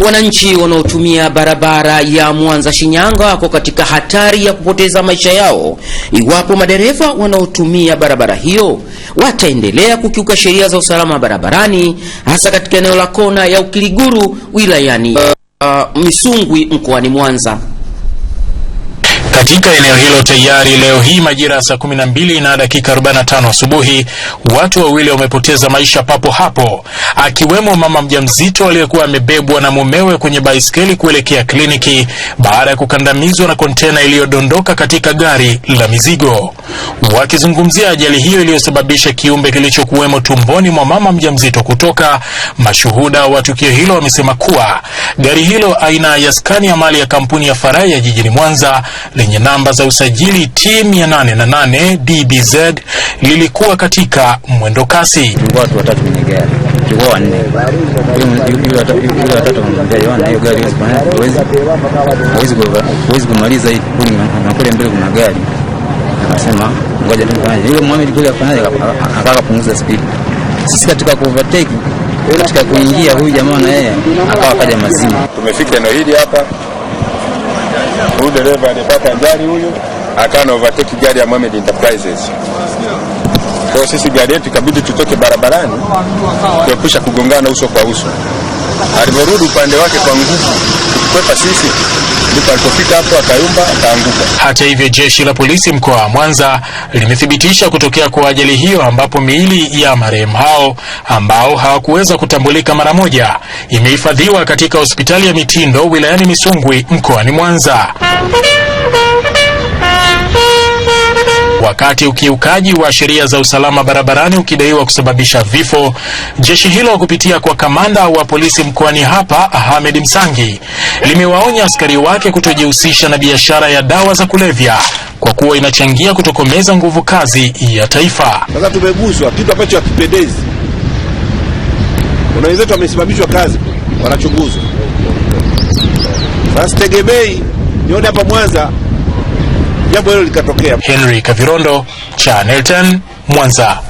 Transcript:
Wananchi wanaotumia barabara ya Mwanza Shinyanga wako katika hatari ya kupoteza maisha yao iwapo madereva wanaotumia barabara hiyo wataendelea kukiuka sheria za usalama barabarani, hasa katika eneo la kona ya Ukiliguru wilayani uh, Misungwi mkoani Mwanza. Katika eneo hilo tayari leo hii majira ya saa 12 na dakika 45 asubuhi, watu wawili wamepoteza maisha papo hapo, akiwemo mama mjamzito aliyekuwa amebebwa na mumewe kwenye baiskeli kuelekea kliniki baada ya kukandamizwa na kontena iliyodondoka katika gari la mizigo. Wakizungumzia ajali hiyo iliyosababisha kiumbe kilichokuwemo tumboni mwa mama mjamzito kutoka, mashuhuda wa tukio hilo wamesema kuwa gari hilo aina ya Scania mali ya kampuni ya ya jijini Mwanza lenye namba za usajili T 808 DBZ lilikuwa katika mwendo kasi. Akasema ngoja tufanyaje. Yule Mohamed kule afanyaje, akapunguza Sisi katika kuovertake, katika kuingia, huyu jamaa na yeye akawa kaja mazima. Tumefika eneo hili hapa Huyu dereva alipata ajali huyu, akawa na overtake gari ya Mohamed Enterprises. Kwa sisi gari yetu ikabidi tutoke barabarani kuepusha kugongana uso kwa uso. Alivyorudi upande wake kwa nguvu alikwepa sisi, ndipo alipofika hapo akayumba, akaanguka. Hata hivyo, jeshi la polisi mkoa wa Mwanza limethibitisha kutokea kwa ajali hiyo, ambapo miili ya marehemu hao ambao hawakuweza kutambulika mara moja imehifadhiwa katika hospitali ya Mitindo wilayani Misungwi mkoani Mwanza. Wakati ukiukaji wa sheria za usalama barabarani ukidaiwa kusababisha vifo, jeshi hilo kupitia kwa kamanda wa polisi mkoani hapa Ahmed Msangi limewaonya askari wake kutojihusisha na biashara ya dawa za kulevya kwa kuwa inachangia kutokomeza nguvu kazi ya taifa. Sasa tumeguswa kitu ambacho hakipendezi. Kuna wenzetu wamesimamishwa kazi, wanachunguzwa. Sasa tegemei nione hapa Mwanza jambo hilo likatokea. Henry Kavirondo, Channel 10, Mwanza.